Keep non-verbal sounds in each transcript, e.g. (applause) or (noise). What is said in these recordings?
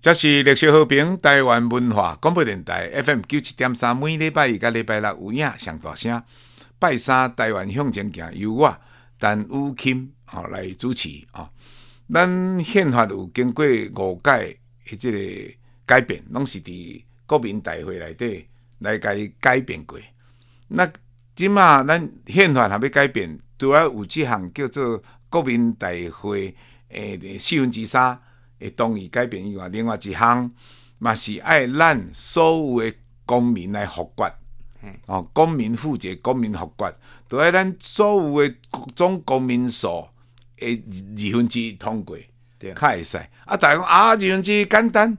這是歷史和平、台灣文化廣播電台 FM 九七點三，3, 每禮拜二、加禮拜六有影上大聲。拜三，台灣向前行，由我陳雨鑫啊來主持啊、哦。咱憲法有經過五屆的這個改變，攏是佇國民大會內底來改改變過。那今嘛，咱憲法還要改變，都要有這項叫做國民大會誒、呃、四分之三。會同意改變以外，另外一項，嘛是愛咱所有嘅公民來複決，嘿哦，公民負責，公民複決，都係咱所有嘅各種公民數誒二分之一通過，才會使。啊，大家講啊，二分之一簡單，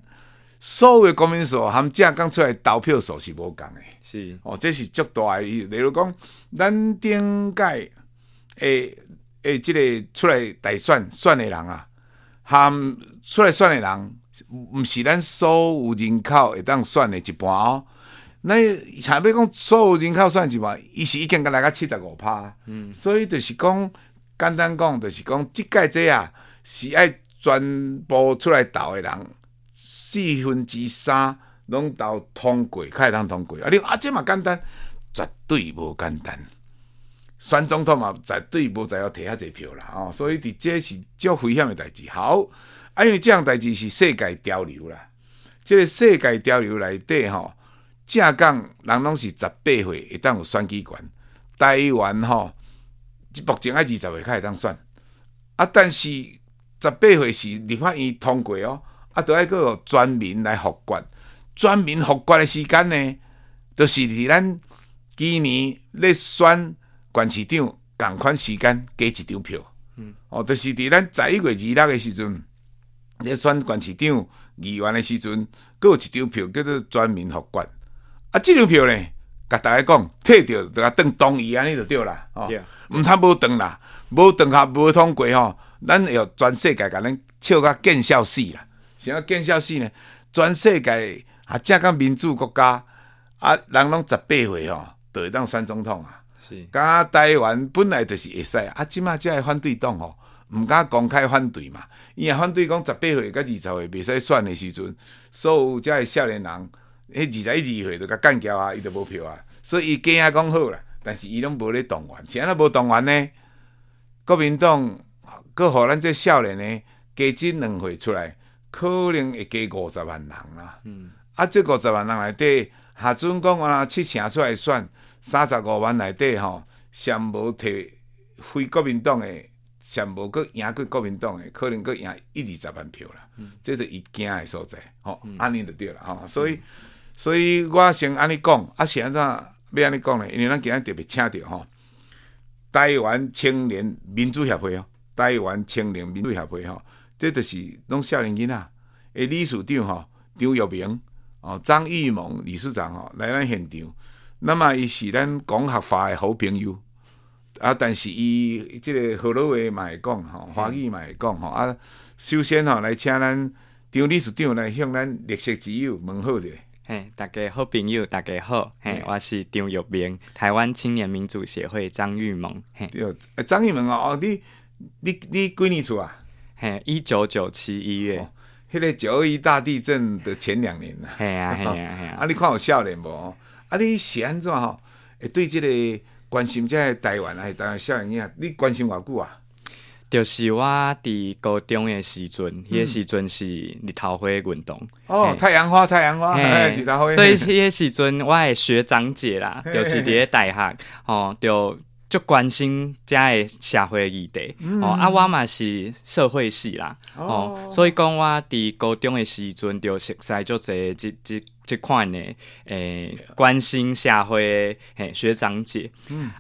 所有的公民數含正講出來投票數是無共嘅，是，哦，即是足大嘅，例如講咱頂屆誒誒，即、欸欸、個出來大選選嘅人啊。含出來選的人，唔是咱所有人口會當選的一半哦。那下要講所有人口選一半，伊是已經跟大家七十五趴。嗯，所以就是講，簡單講，就是講，即屆這啊，是愛全部出來投的人，四分之三攏投通過，才會當通過。啊，你啊，這嘛簡單，絕對無簡單。選總統嘛，絕對無才調摕遐濟票啦，哦，所以佇這是足危險個代誌。好，啊，因為即項代誌是世界潮流啦。即、這個世界潮流內底，吼，正港人攏是十八歲會當有選舉權。台灣，吼，目前還二十歲較會當選。啊，但是十八歲是立法院通過哦。啊，着愛閣全民來複決，全民複決個時間呢，就是佇咱今年咧選。縣市長同款時間加一張票，嗯，哦，就是佇咱十一月二六的時陣，咧選縣市長議員的時陣，擱有一張票叫做全民複格。啊，即張票咧，甲大家講，摕着就當同意安尼就對啦。哦，毋他無當啦，無當也無通過吼，咱要全世界甲咱笑甲見笑死啦。啥叫見笑死呢？全世界啊，正港民主國家啊，人攏十八歲吼，就會當選總統啊。加是台灣本來就是會使，啊，今嘛才系反對黨吼，唔敢公開反對嘛。伊啊反對講十八歲甲二十歲袂使選嘅時陣，所有才係少年人，迄二十一二歲都甲幹掉啊，伊就無票啊。所以伊驚講好啦，但是伊攏無咧動員，啥人無動員呢？國民黨，擱互咱只少年人，加進兩會出來，可能會加五十萬人啦。啊，嗯、啊這五十萬人內底，下陣講話七成出來選。三十五萬內底吼，尚無提非國民黨的尚無閣贏過國民黨的可能閣贏一二十萬票啦。即、嗯、是伊驚誒所在，吼、哦，安尼、嗯、就對啦，吼、哦，所以，嗯、所以我先安尼講，啊，是安怎要安尼講咧？因為咱今日特別請到吼、哦，台灣青年民主協會吼，台灣青年民主協會吼，這就是都是攏少年囡仔誒，理事長吼張育萌，哦，張育萌理事長吼、哦、來咱現場。那麼，伊是咱講合話誒好朋友啊，但是伊即個河洛話嘛會講吼，華語嘛會講吼、嗯、啊。首先吼，來請咱張理事長來向咱歷史之友問候者。嘿，大家好朋友，大家好。嘿，嘿我是張育萌，台灣青年民主協會張育萌，嘿，張育萌哦，你你你幾年出啊？嘿，一九九七一月，迄、哦那個九二一大地震的前兩年啦。係啊系啊系啊，啊！你看有少年無？啊！你是安怎吼，會對即個關心，即個台灣啊，台灣小囡仔啊，你關心偌久啊？就是我佇高中誒時陣，迄個、嗯、時陣是日頭花運動哦，嘿太陽花，太陽花，嘿台所以，迄個時陣我的學長姐啦，嘿嘿嘿就是佇咧大學哦、喔，就足關心即個社會議題。哦、嗯喔，啊，我嘛是社會系啦，哦、喔，所以講我佇高中的時陣，就熟悉就即即。去看呢，誒，關心社會誒學長姐，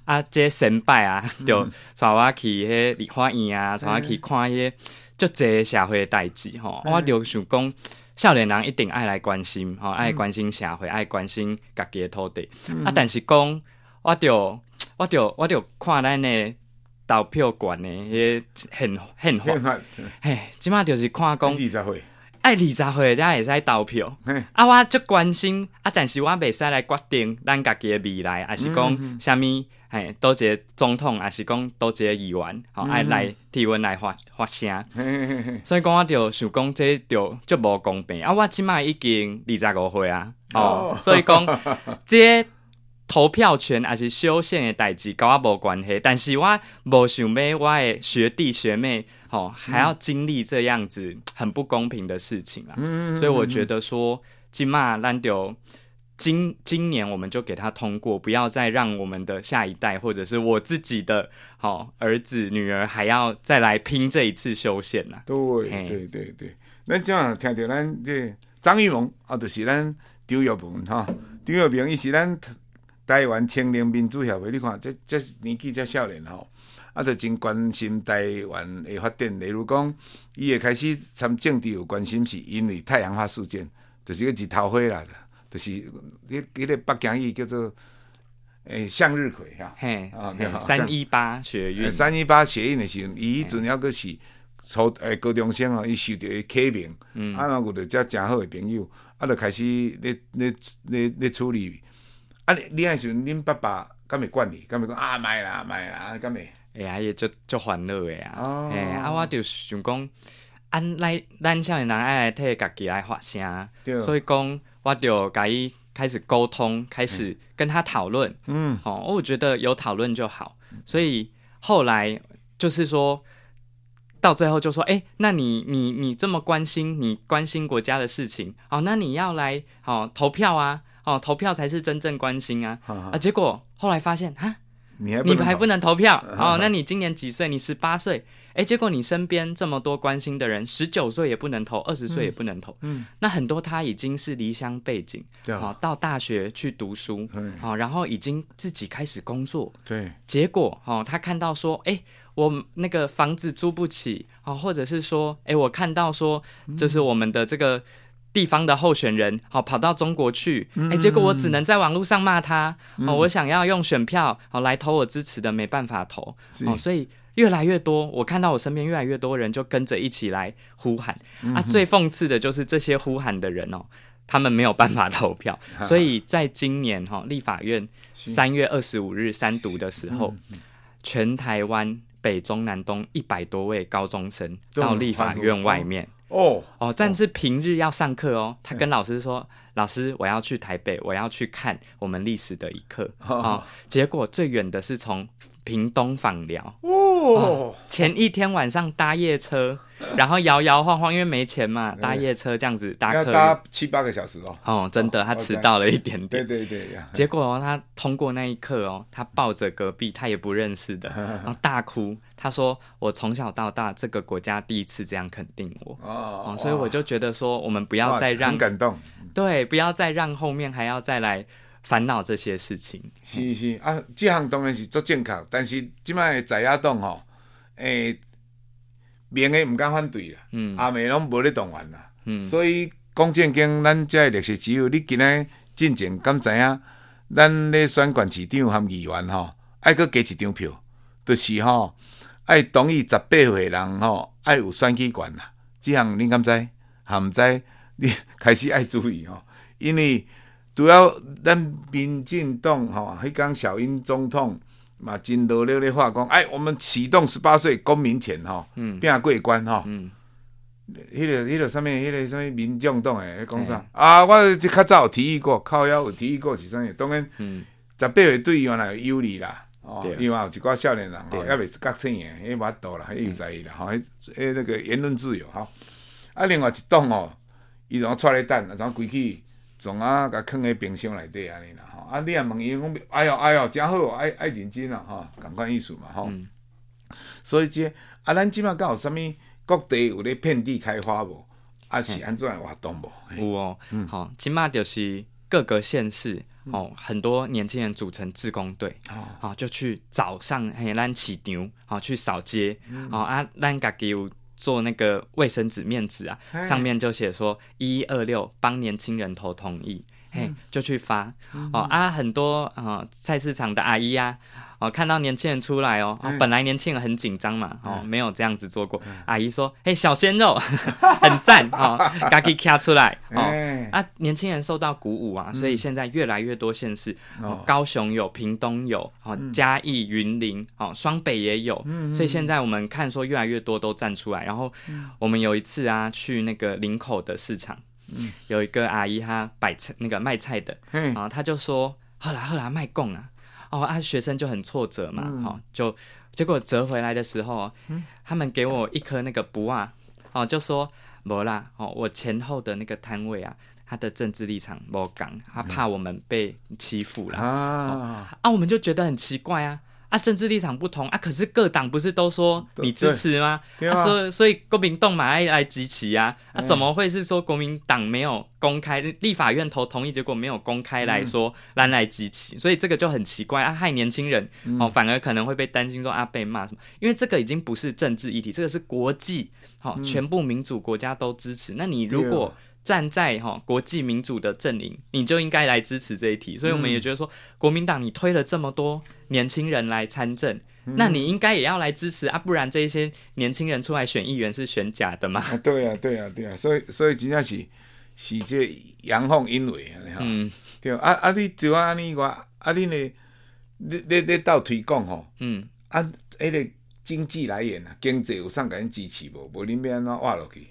啊，這先輩啊，就帶我去迄個梨花院啊，帶我去看迄，個足濟社會代志吼。我就想講，少年人一定愛來關心，吼，愛關心社會，愛關心家己的土地。啊，但是講，我就，我就，我就看咱呢投票權呢，迄個憲憲法，嘿，即馬就是看講。愛二十歲才會使投票。嘿啊，我足關心啊，但是我袂使來決定咱家己誒未來，還是講啥物，米、嗯哼？倒一個總統，還是講倒一個議員，吼、哦，愛、嗯、哼來提問來發發聲。嘿嘿嘿，所以講，我着想講，即着足無公平。啊，我即擺已經二十五歲啊。哦，哦，所以講，即。投票權還是修憲的代誌，跟我無關係。但是我無想買我的學弟學妹，吼、哦，還要經歷這樣子很不公平的事情啊！嗯、所以我覺得說，嗯嗯、今嘛咱就今今年我們就給他通過，不要再讓我們的下一代或者是我自己的好、哦、兒子女兒還要再來拼這一次修憲啦。對對對對，那今啊聽到咱這張育萌啊，就是咱張學平哈，張學平也是咱。台灣青年民主協會，你看，這年這年紀這少年吼，啊，就真關心台灣誒發展。例如講，伊也開始參政治有關心，是因為太陽花事件，就是個日頭花啦，就是迄迄個北京語叫做誒、欸、向日葵嚇。啊、嘿，啊你好。嘿像三一八學運。三、欸、一八學運誒時陣，伊迄陣猶閣是初誒、欸、高中生吼，伊受着啟蒙，嗯、啊，然後就則誠好誒朋友，啊，就開始咧咧咧咧處理。啊！你那時候，你爸爸跟咪管你，跟咪講啊，買啦，買啦，跟咪。哎呀、欸，也就足煩惱的呀、啊。哎、哦欸，啊，我就想講，安那咱少年人愛來替家己來發聲，對所以講，我就甲伊開始溝通，開始跟他討論。嗯，哦，我覺得有討論就好。所以後來就是說到最後就說，哎、欸，那你你你這麼關心，你關心國家的事情，哦，那你要來哦，投票啊。哦，投票，才是真正關心啊！好好啊，結果後來發現啊，你還不你們還不能投票好好。哦？那你今年幾歲？你十八歲？誒、欸，結果你身邊這麼多關心的人，十九歲也不能投，二十歲也不能投。嗯，嗯，那很多他已經是離鄉背井，好樣、哦、到大學去讀書，好、嗯哦，然後已經自己開始工作。對，結果哦，他看到說，誒、欸，我那個房子租不起哦，或者是說，誒、欸，我看到說，就是我們的這個。地方的候選人，好跑到中國去，哎、嗯欸，結果我只能在網絡上罵他，嗯、哦，我想要用選票，哦來投我支持的，沒辦法投是、哦，所以越來越多，我看到我身邊越來越多人就跟着一起來呼喊，嗯、哼啊，最諷刺的就是這些呼喊的人哦，他們沒有辦法投票，嗯、哼所以在今年哈立法院三月二十五日三讀的時候，嗯、全台灣北中南東一百多位高中生到立法院外面。嗯嗯哦、oh, 哦，但是平日要上課哦。Oh. 他跟老師說：“ Yeah. 老師，我要去台北，我要去看我們歷史的一刻。” oh. 哦，結果最遠的是從屏東枋寮、oh. 哦，前一天晚上搭夜車。 (laughs) 然後搖搖晃晃，因為沒錢嘛，搭夜車這樣子搭，搭七八個小時哦。哦，真的，哦、他遲到了一點點。對對對，結果、哦、他通過那一刻哦，他抱着隔壁 (laughs) 他也不認識的，然後大哭。他說：“我從小到大這個國家第一次這樣肯定我。哦”哦哇所以我就覺得說，我們不要再讓很感動。對，不要再讓後面還要再來煩惱這些事情。是是啊，這行當然是做健康，但是這賣在野黨哦，欸明嘅毋敢反對啊，阿梅攏無咧動員啦，所以講正經，咱即個歷史只有你今仔日進前敢知影。咱咧選管市長含議員吼、哦，愛擱加一張票，就是吼愛同意十八歲人吼、哦、愛有選舉權啊。即項你敢知？含知你開始愛注意吼、哦，因為主要咱民進黨吼，迄工小英總統。馬金都了了話講，哎，我們啟動十八歲公民權吼、哦，拼過關吼，迄個迄個啥物？迄個、嗯、啥物民眾黨誒，講啥？嗯、啊，我就較早有提議過，靠腰我提議過啥物？當然、嗯、十八歲隊員來優禮啦，啊、哦，另外有一寡少年人、哦，要袂格清言，嘿，無法度啦，嘿不在意啦，吼、嗯，迄迄、哦那個言論自由吼、哦。啊，另外一棟哦，伊從出來等，啊，後規去。總啊，甲囥喺冰箱內底安尼啦，吼！啊，你也問伊講，哎呦，哎呦，真好，愛愛認真啊。吼、哦！共款意思嘛，吼、哦。嗯、所以即啊，咱即馬敢有啥物？各地有咧遍地開花無？啊？是安怎嘅活動無？有哦、嗯，好、嗯，即馬就是各個縣市哦，嗯、很多年輕人組成志工隊，好、哦哦，就去早上嘿、欸，咱市場好，去掃街，好、嗯哦、啊，咱家己有。做那個衛生紙、面紙啊，上面就寫說“一一二六”，幫年輕人投同意。嘿，就去發哦，嗯嗯啊，很多啊、哦、菜市場的阿姨呀、啊，哦看到年輕人出來哦，嗯、哦本來年輕人很緊張嘛，嗯、哦沒有這樣子做過，嗯、阿姨說，嘿小鮮肉， (laughs) 很贊，趕緊出來哦、嗯、啊，年輕人受到鼓舞啊，所以現在越來越多縣市、嗯哦，高雄有，屏東有，哦、嗯、嘉義雲林哦，雙北也有，嗯嗯，所以現在我們看說越來越多都站出來，然後我們有一次啊去那個林口的市場。嗯、有一個阿姨，她擺菜，那個賣菜的，然後嘿、啊、他就說：“後來後來賣貢了。啊”哦啊，學生就很挫折嘛，好、嗯哦、就結果折回來的時候，嗯、他們給我一顆那個布啊，哦就說沒啦，哦我前後的那個攤位啊，他的政治立場不一樣，他怕我們被欺負了、嗯、啊，啊我們就覺得很奇怪啊。啊，政治立場不同啊，可是各黨不是都說你支持嗎？啊啊、所以所以國民黨嘛要來支持啊，嗯、啊，怎麼會是說國民黨沒有公開立法院投同意，結果沒有公開來說攔、嗯、來支持？所以這個就很奇怪啊，害年輕人、嗯、哦，反而可能會被擔心說啊被罵什麼？因為這個已經不是政治議題，這個是國際，好、哦，嗯、全部民主國家都支持。那你如果。站在哈、哦、國際民主的陣營，你就應該來支持這一題。嗯、所以我們也覺得說，國民黨你推了這麼多年輕人來參政，嗯、那你應該也要來支持啊，不然這些年輕人出來選議員是選假的嗎？對呀、啊，對呀、啊，對呀、啊啊。所以，所以真陣的是是這陽奉陰違。嗯，對啊啊，你只要安尼話，啊你呢，你你你倒推廣吼，你你哦、嗯啊，那經濟來源啊，經濟有上趕緊支持不，不然你們要挖下去，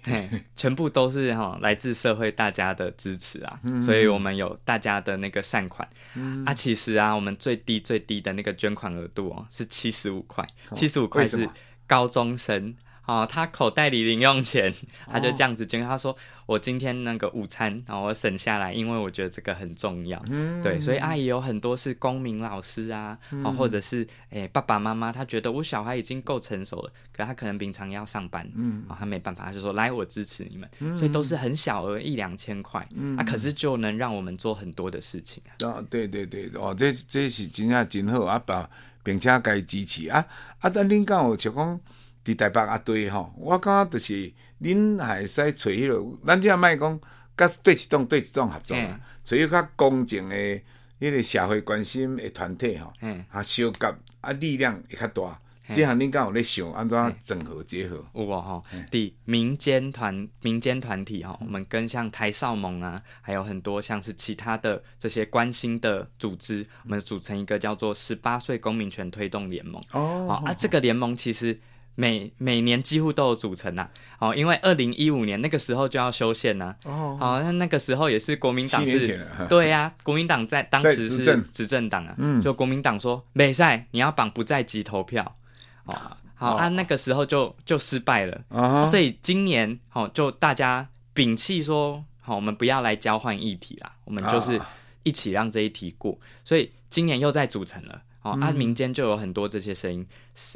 全部都是哈來自社會大家的支持啊，嗯、所以我們有大家的那個善款，嗯、啊其實啊我們最低最低的那個捐款額度、喔、是75哦是七十五塊，七十五塊是高中生。哦，他口袋裡零用錢，他就這樣子捐。哦、他說：“我今天那個午餐，然後、哦、我省下來，因為我覺得這個很重要。嗯”對，所以阿、啊、姨有很多是公民老師啊，嗯哦、或者是誒、欸、爸爸媽媽，他覺得我小孩已經夠成熟了，可他可能平常要上班，啊、嗯哦，他沒辦法，他就說：“來，我支持你們。嗯”所以都是很小額一兩千塊、嗯、啊，可是就能讓我們做很多的事情啊！哦、對對對，哦，這這是真的，真好，阿、啊、爸，並且該支持啊啊！但另外我就講。佇台北一、啊、對吼，我感覺就是您還是找迄、那、落、個，咱即下賣講甲對一棟對一棟合作啦，欸、找迄較公正誒、迄、那個社會關心誒團體吼、欸啊，啊，小格啊，力量會較大。即項恁敢有咧想安怎整合結合，欸、有無、哦、吼、哦？佇、欸、民間團民間團體吼、哦，我們跟像台少盟啊，還有很多像是其他的這些關心的組織，我們組成一個叫做十八歲公民權推動聯盟哦，哦，哦，哦啊，這個聯盟其實。每每年幾乎都有組成吶、啊，哦，因為二零一五年那個時候就要修憲呢、啊，哦，好、哦，那那個時候也是國民黨是，對呀、啊，國民黨在當時是執政黨啊政，嗯，就國民黨說美賽，你要綁不在籍投票，哦、啊，好，那、哦啊、那個時候就就失敗了，啊，所以今年，好、哦，就大家摒棄說，好、哦，我們不要來交換議題啦，我們就是一起讓這一題過，啊、所以今年又再組成了。啊，民間就有很多這些聲音。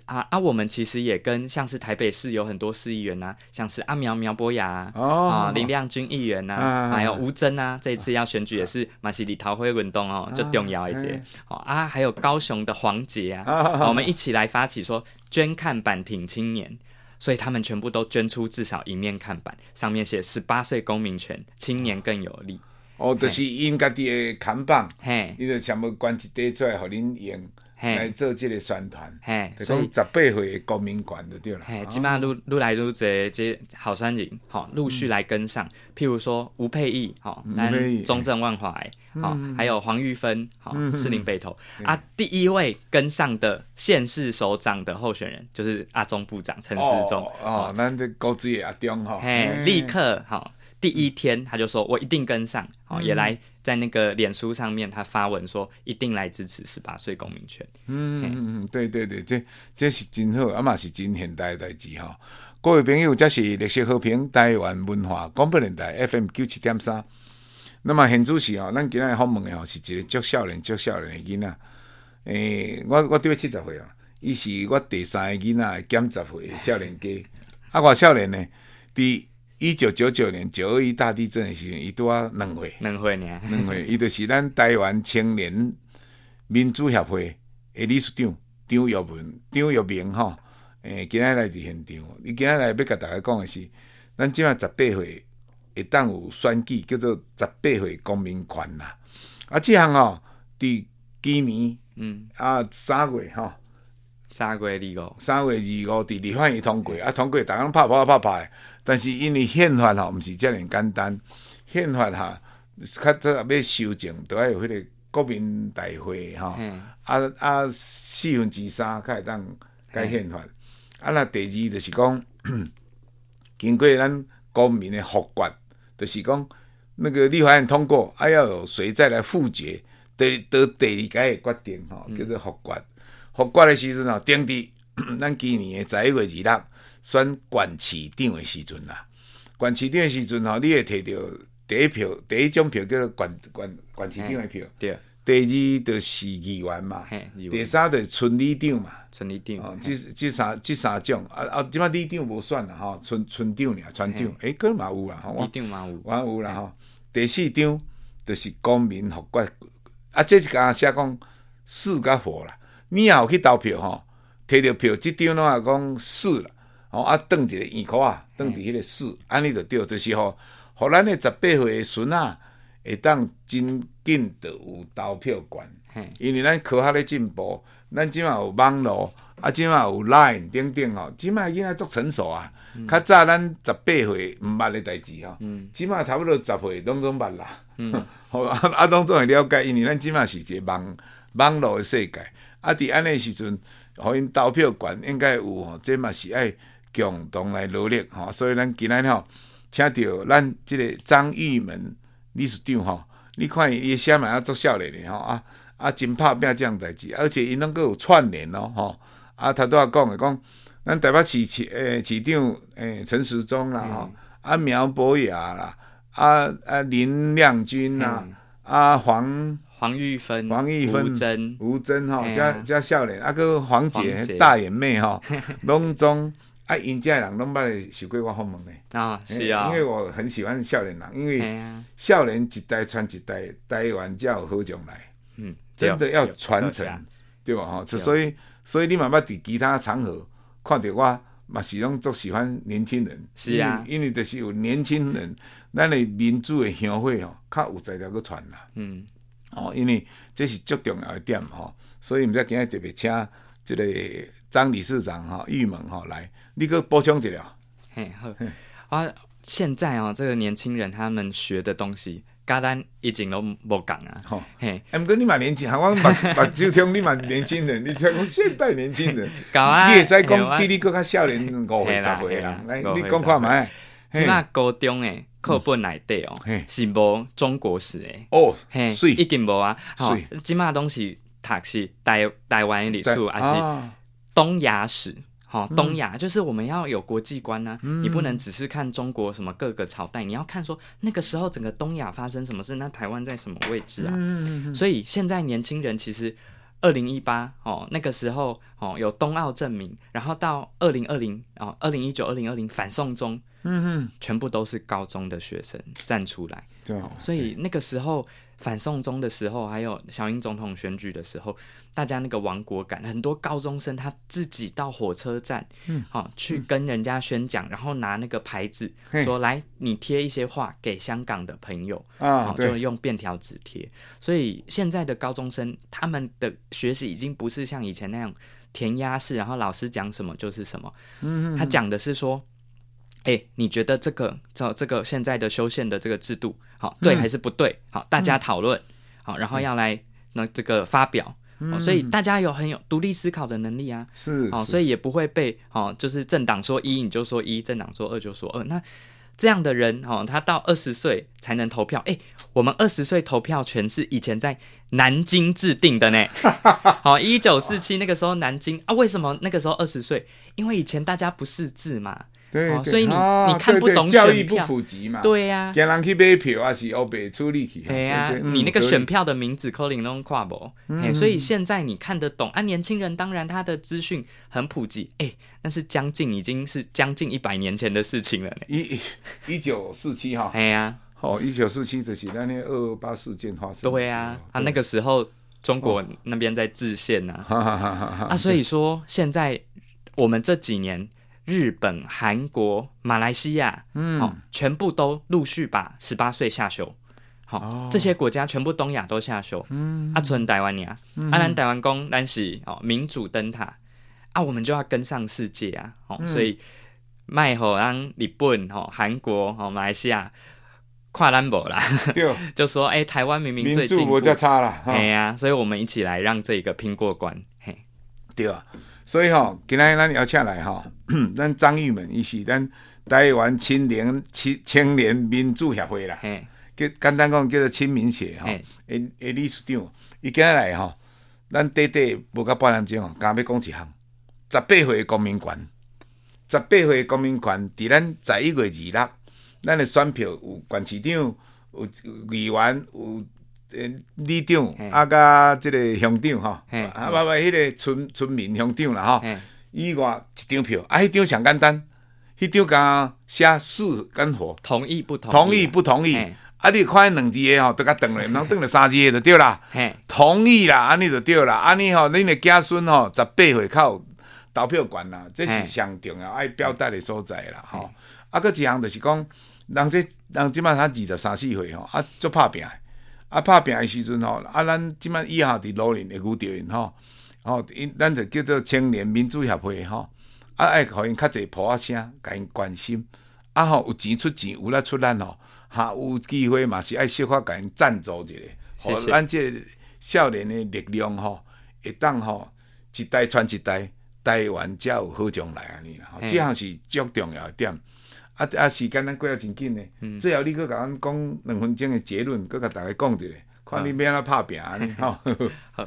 啊啊，我們其實也跟像是台北市有很多市議員吶，像是阿苗苗博雅啊，林亮君議員吶，還有吳崢吶，這一次要選舉也是馬西里陶輝輪動哦，就動搖一節。哦啊，還有高雄的黃捷啊，我們一起來發起說捐看板挺青年，所以他們全部都捐出至少一面看板，上面寫十八歲公民權，青年更有力。哦，就是因家己的扛棒，伊就想要管一點出來，互恁嘿，來做這個宣傳。嘿，所以十八歲公民權的對啦，起碼陸陸來陸者即好三人好陸續來跟上。譬如說吳沛憶好，那中正萬華好，還有黃郁芬好，士林北投啊。第一位跟上的縣市首長的候選人就是阿中部長陳時中哦，那這高業阿中哈，立刻好。第一天他就說：“我一定跟上、嗯、也來在那個臉書上面，他發文說一定來支持十八歲公民權。嗯”嗯嗯嘿對對對，這這是真好，啊嘛是真現代的代志哈。各位朋友，這是歷史和平、台灣文化廣播電台 FM 九七點三。那麼，現主持哦，咱今日訪問的是一個足少年、足少年的囡仔。誒，我我都要七十歲啊，伊是我第三個囡仔減十歲，少年家。 (laughs) 啊，我少年呢，第。一九九九年九二一大地震的時候，伊拄啊兩歲，兩歲呢？兩歲伊就是咱台灣青年民主協會的理事長張育文、張育萌哈。誒、欸，今日來佇現場，伊今日來要甲大家講的是，咱今仔十八歲會當有選舉叫做十八歲公民權啦。啊這，這項吼佇今年，嗯，啊三月哈。三,三月二五，三月二五，佇立法院通過，嘿啊，通過打不打不打，大家拍拍拍拍。但是因為憲法吼，唔是這樣簡單。憲法哈，較早要修正，都要有迄個國民大會哈嘿、啊，啊啊，四分之三才會當改憲法。嘿啊，那第二就是講，經過咱公民的複決，就是講那個立法院通過，還、啊、要有誰再來復決，得得得，第二個決定哈，叫做複決。嗯複決的時陣哦，定定咱今年的十一月二六選縣市長的時陣啦。縣市長的時陣哦，你會摕到第一票，第一張票叫做縣縣縣市長的票。對。第二就是議員嘛。員第三就是村里長嘛。村里長,這、啊啊長。哦，即即三即三種啊啊！即嘛里長無選啦吼，村村長啊，村長嘿誒，閣嘛有啊，有嘛有啦吼。第四張就是公民複決。啊，即一講寫講死甲活啦。你有去投票吼，摕到票，即張攏也講輸啦，吼啊，當一個圓箍嘿啊，當佇迄個輸，安尼就對，就是吼、哦，互咱誒十八歲誒孫啊，會當真緊著有投票權，嘿因為咱科學咧進步，咱即嘛有網絡，啊，即嘛有 line，頂頂吼，即嘛伊也足成熟啊，較早咱十八歲毋捌誒代志吼，即嘛、嗯、差不多十歲攏總捌啦，好、嗯、啊，啊攏總會了解，因為咱即嘛是一個網網絡誒世界。啊！佇安尼時陣，和因投票權應該有吼，這嘛是愛共同來努力吼。所以咱今日吼，請到咱即個張育萌理事長吼，你看伊伊寫嘛，有成少年的吼啊啊！真拍拼這樣代志，而且伊能夠串聯咯吼啊。頭拄啊講誒，講，咱台北市市誒、欸、市長誒陳、欸、時中啦吼，嗯、啊苗博雅啦，啊啊林亮君吶，嗯、啊黃。黃玉芬、黃玉芬、吳珍，吳珍哈，加加少年，啊個黃姐大眼妹哈，攏總啊，人家人都把你視為我訪問的啊，是啊，因為我很喜歡少年郎，因為少年一代傳一代，待完才有好將來，嗯，真的要傳承，對吧？哈，所以所以你嘛，要佇其他場合看着我嘛，始終都喜歡年輕人，是啊，因為就是有年輕人，咱個民主個協會哦，較有材料去傳啦，嗯。哦，因為這是最重要的一點。吼，所以唔知今日特別請即個張理事長哈育萌哈來，你再補充一下。嘿好，嘿啊，現在哦，這個年輕人，他們學的東西，家單已經都冇講、哦、嘿啊。吼，嘿，毋過你嘛年輕，啊、我我就聽你嘛年輕人， (laughs) 你聽現代年輕人。咁 (laughs) 啊，你使講比你更較少年五歲十歲來， (laughs) 歲歲你講看埋。今嘛高中誒課本內底哦是無中國史誒哦，一定無啊。好，今嘛東西都是台台灣歷史，還是東亞史。好，東亞就是我們要有國際觀吶、啊，嗯、你不能只是看中國什麼各個朝代，嗯、你要看說那個時候整個東亞發生什麼事，那台灣在什麼位置啊？嗯、所以現在年輕人其實二零一八哦那個時候哦有東奧正名，然後到二零二零哦二零一九二零二零反送中。嗯，全部都是高中的學生站出來，對、嗯、所以那個時候反對送中的時候，還有小英總統選舉的時候，大家那個亡國感，很多高中生他自己到火車站，嗯、哦，去跟人家宣講，嗯、然後拿那個牌子嘿說來，你貼一些話給香港的朋友啊，就用便條紙貼。所以現在的高中生，他們的學習已經不是像以前那樣填鴨式，然後老師講什麼就是什麼，嗯，他講的是說。哎，你覺得這個照這個現在的修憲的這個制度，好對還是不對？好、嗯，大家討論好，嗯、然後要來那這個發表，嗯、所以大家有很有獨立思考的能力啊，是哦是，所以也不會被哦，就是政黨說一你就說一，政黨說二就說二。那這樣的人哦，他到二十歲才能投票。哎，我們二十歲投票權是以前在南京制定的呢。好，一九四七那個時候南京啊，為什麼那個時候二十歲？因為以前大家不識字嘛。所以你你看不懂選票，教育不普及嘛，對呀，叫人去買票還是歐白出力氣。哎呀，你那個選票的名字 calling on c b 所以現在你看得懂啊？年輕人當然他的資訊很普及，哎，那是將近已經是將近一百年前的事情了，一一九四七哈，哎呀，哦，一九四七的時，那二二八事件發生，對呀，啊，那個時候中國那邊在制憲呢，啊，所以說現在我們這幾年。日本、韓國、馬來西亞，嗯、哦，全部都陸續把十八歲下修，好、哦，哦、這些國家全部東亞都下修，嗯，阿純台灣你啊，阿咱台灣講，但、嗯啊、是哦，民主燈塔啊，我們就要跟上世界啊，哦，嗯、所以，麥克啊，日本哦，韓國哦，馬來西亞看咱無啦，對 (laughs) 就說哎、欸，台灣明明最民主國家差了，哎、哦、呀、啊，所以我們一起來讓這個拼過關，嘿，對啊。所以吼、哦，今日咱邀請來吼，咱張育萌伊是咱台灣青年青青年民主協會啦，嘿簡單講叫做青民協吼。誒誒嘿，理事長伊今日來吼，咱短短無夠半點鐘吼，干要講一項，十八歲公民權，十八歲公民權，佇咱十一月二六，咱的選票有，縣市長有，議員有。誒，里長，長嘿啊，甲即個鄉長吼，啊，包括迄個村村民鄉長啦吼，嘿以外一張票，啊，迄張上簡單，迄張甲寫四跟否，同意不同意，同意不同意，啊，啊，你看兩支誒吼，都甲斷等了，嘿能斷了三支誒就對啦，嘿同意啦，安尼就對啦，安尼吼恁的家孫吼十八歲較有投票權啦，即是上重要愛表達誒所在啦，吼嘿、啊，啊，擱一項就是講，人即人即滿他二十三四歲吼，啊，就拍拼。啊，拍拼的時陣吼，啊，咱即滿以後佇老年會遇到因吼，吼、哦、因咱就叫做青年民主協會吼、哦，啊，愛互因較濟普仔聲，甲因關心，啊，吼、哦、有錢出錢有出，哦、有啦出力吼，哈，有機會嘛是愛小可甲因贊助一下，好謝，咱即少年的力量吼，會當吼一代傳一代，台灣才有好將來安尼啦，即、哦、項、欸、是足重要點。啊，啊時間咱過啊真緊呢，嗯、最後你擱甲俺講兩分鐘的結論，擱甲大家講一下，看你要安那拍拼啊！好，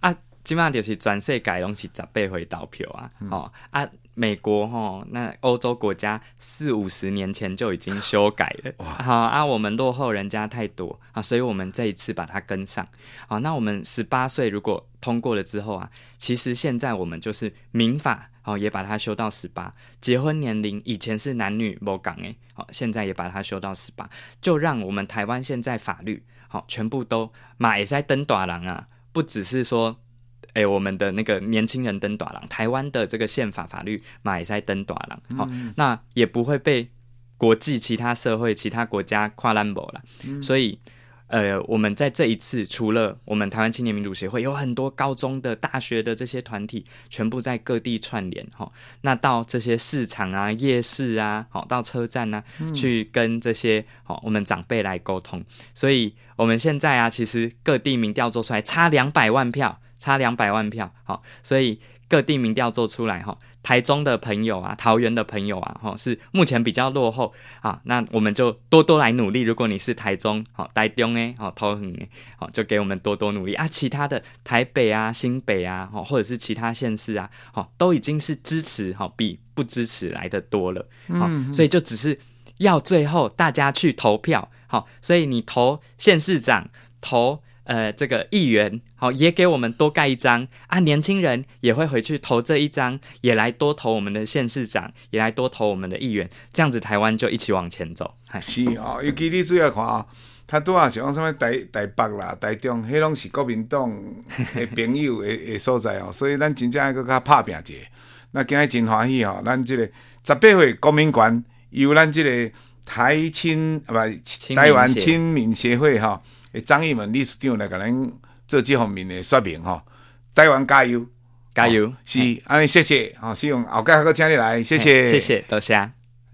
啊，即滿就是全世界攏是十八歲投票、嗯哦、啊！吼啊。美國哈那歐洲國家四五十年前就已經修改了，哇好啊，我們落後人家太多啊，所以我們這一次把它跟上，好，那我們十八歲如果通過了之後啊，其實現在我們就是民法哦也把它修到十八，結婚年齡以前是男女不同哎，好，現在也把它修到十八，就讓我們台灣現在法律好全部都嘛也在登大人啊，不只是說。欸、我們的那個年輕人轉大人，台灣的這個憲法法律，嘛也是在轉大人，好、哦，那也不會被國際其他社會、其他國家跨欄博了。嗯、所以，呃，我們在這一次，除了我們台灣青年民主協會，有很多高中的、大學的這些團體，全部在各地串聯、哦，那到這些市場啊、夜市啊，好、哦，到車站啊，嗯、去跟這些好、哦、我們長輩來溝通。所以，我們現在啊，其實各地民調做出來差兩百萬票。差兩百萬票，好，所以各地民調做出來，台中的朋友啊，桃園的朋友啊，哈，是目前比較落後啊，那我們就多多來努力。如果你是台中，好，台中誒，好，桃園誒，好，就給我們多多努力啊。其他的台北啊，新北啊，或者是其他縣市啊，好，都已經是支持，好比不支持來得多了，好、嗯，所以就只是要最後大家去投票，好，所以你投縣市長投。呃，這個議員好、哦，也給我們多蓋一張啊！年輕人也會回去投這一張，也來多投我們的縣市長，也來多投我們的議員，這樣子台灣就一起往前走。是哦，尤其你注意看啊、哦，他都啊是往什麼台台北啦、台中，嘿攏是國民黨的朋友的 (laughs) 所在哦，所以咱真正要擱較拍拚者，那今日真歡喜哦，咱這個十八歲公民權，由咱這個台青啊不台灣青年協會哈、哦。張育萌理事長來給恁做這方面的說明吼，台灣加油加油，加油哦、是，安尼嘿謝謝哈，希、哦、望後蓋個請你來，謝謝謝謝，多謝。